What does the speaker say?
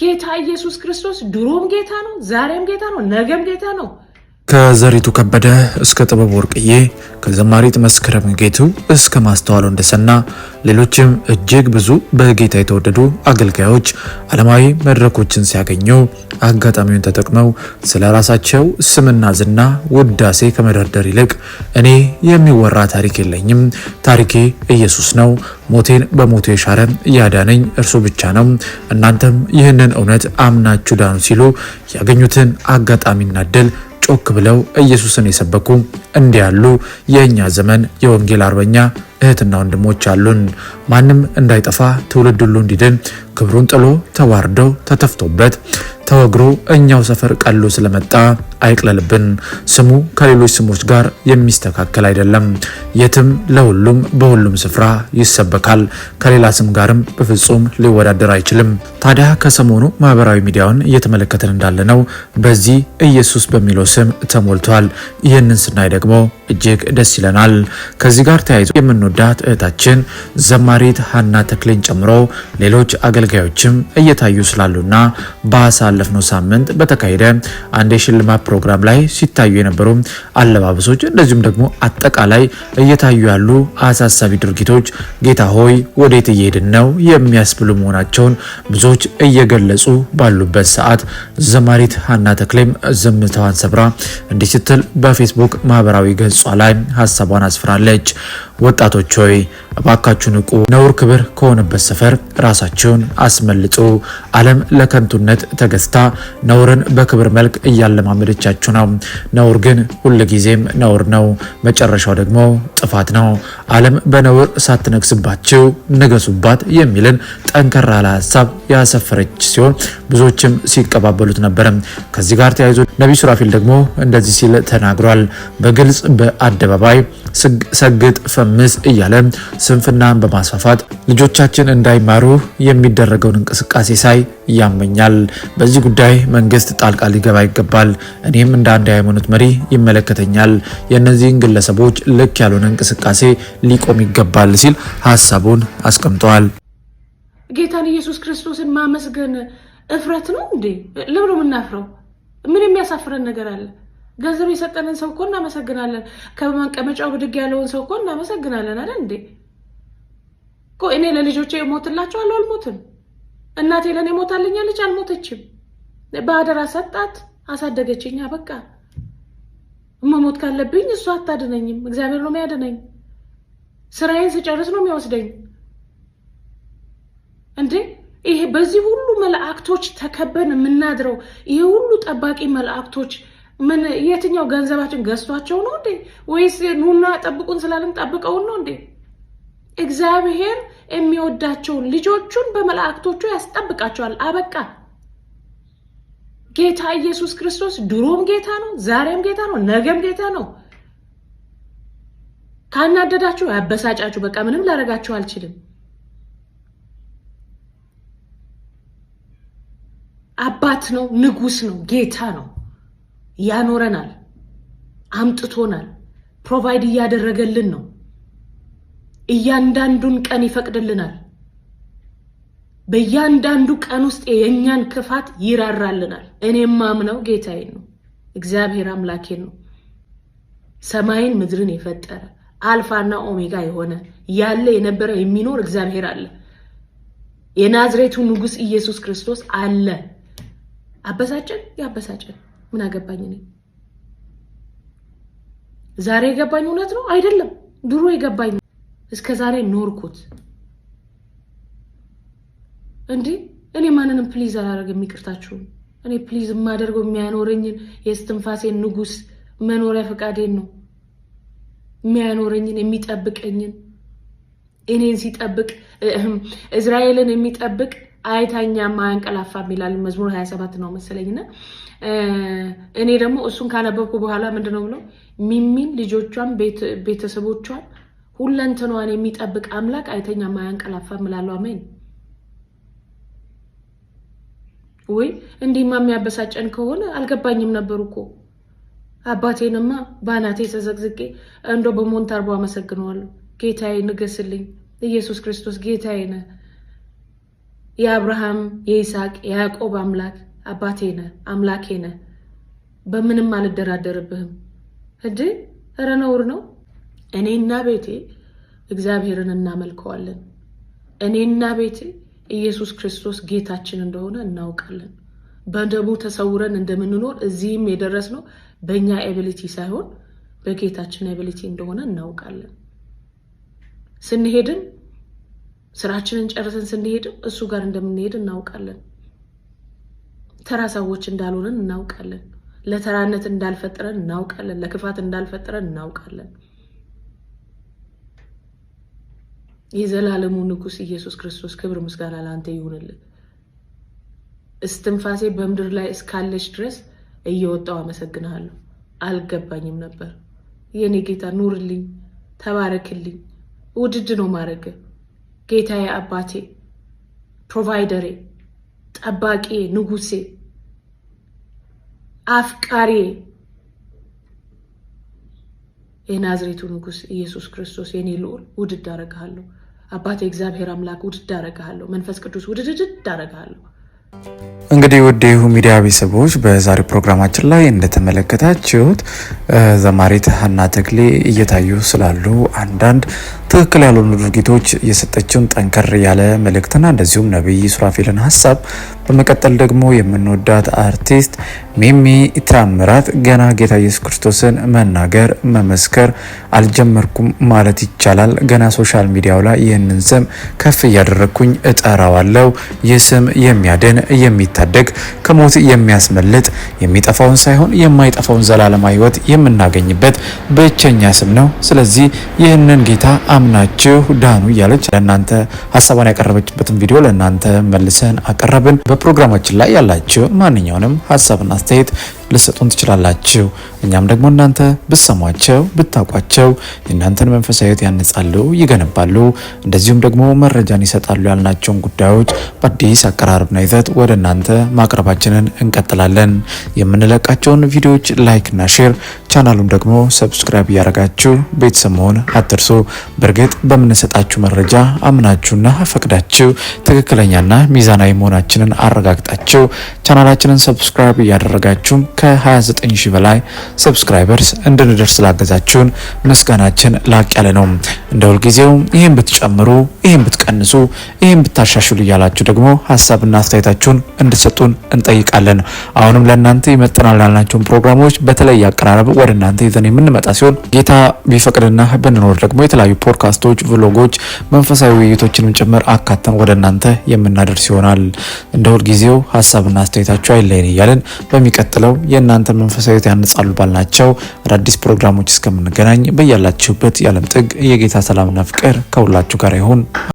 ጌታ ኢየሱስ ክርስቶስ ድሮም ጌታ ነው፣ ዛሬም ጌታ ነው፣ ነገም ጌታ ነው። ከዘሪቱ ከበደ እስከ ጥበብ ወርቅዬ ከዘማሪት መስከረም ጌቱ እስከ ማስተዋል ወንደሰና ሌሎችም እጅግ ብዙ በጌታ የተወደዱ አገልጋዮች ዓለማዊ መድረኮችን ሲያገኙ አጋጣሚውን ተጠቅመው ስለ ራሳቸው ስምና ዝና ውዳሴ ከመደርደር ይልቅ እኔ የሚወራ ታሪክ የለኝም፣ ታሪኬ ኢየሱስ ነው፣ ሞቴን በሞቱ የሻረ እያዳነኝ እርሱ ብቻ ነው፣ እናንተም ይህንን እውነት አምናችሁ ዳኑ ሲሉ ያገኙትን አጋጣሚና እድል ጮክ ብለው ኢየሱስን የሰበኩ እንዲያሉ የእኛ ዘመን የወንጌል አርበኛ እህትና ወንድሞች አሉን። ማንም እንዳይጠፋ ትውልድ ሁሉ እንዲድን ክብሩን ጥሎ ተዋርዶ ተተፍቶበት ተወግሮ እኛው ሰፈር ቀሎ ስለመጣ አይቅለልብን። ስሙ ከሌሎች ስሞች ጋር የሚስተካከል አይደለም። የትም ለሁሉም በሁሉም ስፍራ ይሰበካል። ከሌላ ስም ጋርም በፍጹም ሊወዳደር አይችልም። ታዲያ ከሰሞኑ ማህበራዊ ሚዲያውን እየተመለከትን ነው። በዚህ ኢየሱስ በሚለው ስም ተሞልቷል። ይህንን ስናይ ደግሞ እጅግ ደስ ይለናል። ከዚህ ጋር ተያይዞ የምን የምንወዳት እህታችን ዘማሪት ሀና ተክሌን ጨምሮ ሌሎች አገልጋዮችም እየታዩ ስላሉና ባሳለፍነው ሳምንት በተካሄደ አንድ የሽልማት ፕሮግራም ላይ ሲታዩ የነበሩ አለባበሶች፣ እንደዚሁም ደግሞ አጠቃላይ እየታዩ ያሉ አሳሳቢ ድርጊቶች ጌታ ሆይ ወዴት እየሄድን ነው የሚያስብሉ መሆናቸውን ብዙዎች እየገለጹ ባሉበት ሰዓት ዘማሪት ሀና ተክሌም ዝምታዋን ሰብራ እንዲህ ስትል በፌስቡክ ማህበራዊ ገጿ ላይ ሀሳቧን አስፍራለች። ወጣቶች ሆይ እባካችሁ ንቁ። ነውር ክብር ከሆነበት ሰፈር ራሳችሁን አስመልጡ። ዓለም ለከንቱነት ተገዝታ ነውርን በክብር መልክ እያለማመደቻችሁ ነው። ነውር ግን ሁልጊዜም ነውር ነው። መጨረሻው ደግሞ ጥፋት ነው። ዓለም በነውር ሳትነግስባችሁ ንገሱባት የሚልን ጠንከራ ያለ ሀሳብ ያሰፈረች ሲሆን ብዙዎችም ሲቀባበሉት ነበረ። ከዚህ ጋር ተያይዞ ነቢይ ሱራፊል ደግሞ እንደዚህ ሲል ተናግሯል። በግልጽ በአደባባይ ሰግጥ ፈምስ እያለ ስንፍናን በማስፋፋት ልጆቻችን እንዳይማሩ የሚደረገውን እንቅስቃሴ ሳይ ያመኛል። በዚህ ጉዳይ መንግስት ጣልቃ ሊገባ ይገባል። እኔም እንደ አንድ የሃይማኖት መሪ ይመለከተኛል። የእነዚህን ግለሰቦች ልክ ያልሆነ እንቅስቃሴ ሊቆም ይገባል ሲል ሀሳቡን አስቀምጠዋል። ጌታን ኢየሱስ ክርስቶስን ማመስገን እፍረት ነው እንዴ? ለምን ምናፍረው ምን የሚያሳፍረን ነገር አለ? ገንዘብ የሰጠንን ሰው እኮ እናመሰግናለን። ከመቀመጫው ብድግ ያለውን ሰው እኮ እናመሰግናለን። አለ እንዴ እኮ እኔ ለልጆቼ እሞትላቸዋለሁ፣ አልሞትም። እናቴ ለእኔ ልጅ አልሞተችም። በአደራ ሰጣት፣ አሳደገችኝ። በቃ መሞት ካለብኝ እሱ አታድነኝም፣ እግዚአብሔር ነው የሚያድነኝ። ስራዬን ስጨርስ ነው የሚወስደኝ እንዴ ይሄ በዚህ ሁሉ መላእክቶች ተከበን የምናድረው ይሄ ሁሉ ጠባቂ መላእክቶች ምን የትኛው ገንዘባችን ገዝቷቸው ነው እንዴ? ወይስ ኑና ጠብቁን ስላለን ጠብቀውን ነው እንዴ? እግዚአብሔር የሚወዳቸውን ልጆቹን በመላእክቶቹ ያስጠብቃቸዋል። አበቃ። ጌታ ኢየሱስ ክርስቶስ ድሮም ጌታ ነው፣ ዛሬም ጌታ ነው፣ ነገም ጌታ ነው። ካናደዳችሁ፣ ያበሳጫችሁ፣ በቃ ምንም ላደርጋችሁ አልችልም። አባት ነው፣ ንጉስ ነው፣ ጌታ ነው። ያኖረናል፣ አምጥቶናል፣ ፕሮቫይድ እያደረገልን ነው። እያንዳንዱን ቀን ይፈቅድልናል። በእያንዳንዱ ቀን ውስጥ የእኛን ክፋት ይራራልናል። እኔ ማምነው ጌታዬን ነው፣ እግዚአብሔር አምላኬን ነው። ሰማይን ምድርን የፈጠረ አልፋና ኦሜጋ የሆነ ያለ የነበረ የሚኖር እግዚአብሔር አለ። የናዝሬቱ ንጉስ ኢየሱስ ክርስቶስ አለ። አበሳጨን ያበሳጨን ምን አገባኝ እኔ። ዛሬ የገባኝ እውነት ነው አይደለም፣ ድሮ የገባኝ እስከ ዛሬ ኖርኩት። እንዴ እኔ ማንንም ፕሊዝ አላደርግም፣ ይቅርታችሁም እኔ ፕሊዝ የማደርገው የሚያኖረኝን የስትንፋሴን ንጉስ መኖሪያ ፈቃዴን ነው የሚያኖረኝን የሚጠብቀኝን እኔን ሲጠብቅ እስራኤልን የሚጠብቅ አይተኛም ማያንቀላፋ ይላል መዝሙር 27 ነው መሰለኝና እኔ ደግሞ እሱን ካነበብኩ በኋላ ምንድነው ብለው ሚሚን ልጆቿን ቤተሰቦቿን ሁለንትኗን የሚጠብቅ አምላክ አይተኛ ማያንቀላፋ ምላሉ አሜን ወይ እንዲህማ የሚያበሳጨን ከሆነ አልገባኝም ነበር እኮ አባቴንማ በአናቴ ተዘግዝቄ እንዶ በሞንታርቦ አመሰግነዋለሁ። ጌታዬ ንገስልኝ፣ ኢየሱስ ክርስቶስ ጌታዬ ነህ። የአብርሃም የይስሐቅ የያዕቆብ አምላክ አባቴ ነህ፣ አምላኬ ነህ፣ በምንም አልደራደርብህም። እንጂ እረ ነውር ነው። እኔና ቤቴ እግዚአብሔርን እናመልከዋለን። እኔና ቤቴ ኢየሱስ ክርስቶስ ጌታችን እንደሆነ እናውቃለን። በደሙ ተሰውረን እንደምንኖር እዚህም የደረስነው በእኛ ኤቢሊቲ ሳይሆን በጌታችን ኤቢሊቲ እንደሆነ እናውቃለን። ስንሄድም ስራችንን ጨርሰን ስንሄድም እሱ ጋር እንደምንሄድ እናውቃለን። ተራ ሰዎች እንዳልሆነን እናውቃለን። ለተራነት እንዳልፈጥረን እናውቃለን። ለክፋት እንዳልፈጥረን እናውቃለን። የዘላለሙ ንጉሥ ኢየሱስ ክርስቶስ ክብር ምስጋና ለአንተ ይሁንልን። እስትንፋሴ በምድር ላይ እስካለች ድረስ እየወጣው አመሰግንሃለሁ። አልገባኝም ነበር የእኔ ጌታ፣ ኑርልኝ፣ ተባረክልኝ። ውድድ ነው ማድረግ ጌታዬ፣ አባቴ፣ ፕሮቫይደሬ፣ ጠባቂ፣ ንጉሴ፣ አፍቃሪ የናዝሬቱ ንጉስ ኢየሱስ ክርስቶስ የኔ ልዑል ውድድ አረግሃለሁ። አባቴ እግዚአብሔር አምላክ ውድድ አረግሃለሁ። መንፈስ ቅዱስ ውድድድ አረግሃለሁ። እንግዲህ ውድ ይሁ ሚዲያ ቤተሰቦች በዛሬው ፕሮግራማችን ላይ እንደተመለከታችሁት ዘማሪት ሀና ተክሌ እየታዩ ስላሉ አንዳንድ ትክክል ያልሆኑ ድርጊቶች የሰጠችውን ጠንከር ያለ መልእክትና እንደዚሁም ነቢይ ሱራፌልን ሀሳብ በመቀጠል ደግሞ የምንወዳት አርቲስት ሚሚ ታምራት ገና ጌታ ኢየሱስ ክርስቶስን መናገር መመስከር አልጀመርኩም ማለት ይቻላል። ገና ሶሻል ሚዲያው ላይ ይህንን ስም ከፍ እያደረግኩኝ እጠራዋለው። ይህ ስም የሚያድን የሚ የሚታደግ ከሞት የሚያስመልጥ የሚጠፋውን ሳይሆን የማይጠፋውን ዘላለማ ህይወት የምናገኝበት ብቸኛ ስም ነው። ስለዚህ ይህንን ጌታ አምናችሁ ዳኑ እያለች ለእናንተ ሀሳቧን ያቀረበችበትን ቪዲዮ ለእናንተ መልሰን አቀረብን። በፕሮግራማችን ላይ ያላችሁ ማንኛውንም ሀሳብና አስተያየት ልሰጡን ትችላላችሁ። እኛም ደግሞ እናንተ ብሰሟቸው ብታውቋቸው የእናንተን መንፈሳዊት ያነጻሉ፣ ይገነባሉ፣ እንደዚሁም ደግሞ መረጃን ይሰጣሉ ያልናቸውን ጉዳዮች በአዲስ አቀራረብና ይዘት ወደ እናንተ ማቅረባችንን እንቀጥላለን። የምንለቃቸውን ቪዲዮዎች ላይክና ሼር ቻናሉን ደግሞ ሰብስክራይብ እያደረጋችሁ ቤተሰብ መሆን አትርሱ። በእርግጥ በምንሰጣችሁ መረጃ አምናችሁና ፈቅዳችሁ ትክክለኛና ሚዛናዊ መሆናችንን አረጋግጣችሁ ቻናላችንን ሰብስክራይብ እያደረጋችሁም ከ29 ሺህ በላይ ሰብስክራይበርስ እንድንደርስ ላገዛችሁን ምስጋናችን ላቅ ያለ ነው። እንደ ሁልጊዜው ይህን ብትጨምሩ፣ ይህን ብትቀንሱ፣ ይህን ብታሻሽሉ እያላችሁ ደግሞ ሀሳብና አስተያየታችሁን እንድሰጡን እንጠይቃለን። አሁንም ለእናንተ ይመጥናል ላልናቸውን ፕሮግራሞች በተለይ አቀራረብ ወደ እናንተ ይዘን የምንመጣ ሲሆን ጌታ ቢፈቅድና ብንኖር ደግሞ የተለያዩ ፖድካስቶች፣ ቭሎጎች፣ መንፈሳዊ ውይይቶችንም ጭምር አካተን ወደ እናንተ የምናደርስ ይሆናል። እንደ ሁልጊዜው ሀሳብና አስተያየታችሁ አይለይን እያልን በሚቀጥለው የእናንተን መንፈሳዊ ያነጻሉ ባልናቸው አዳዲስ ፕሮግራሞች እስከምንገናኝ በያላችሁበት የዓለም ጥግ የጌታ ሰላምና ፍቅር ከሁላችሁ ጋር ይሁን።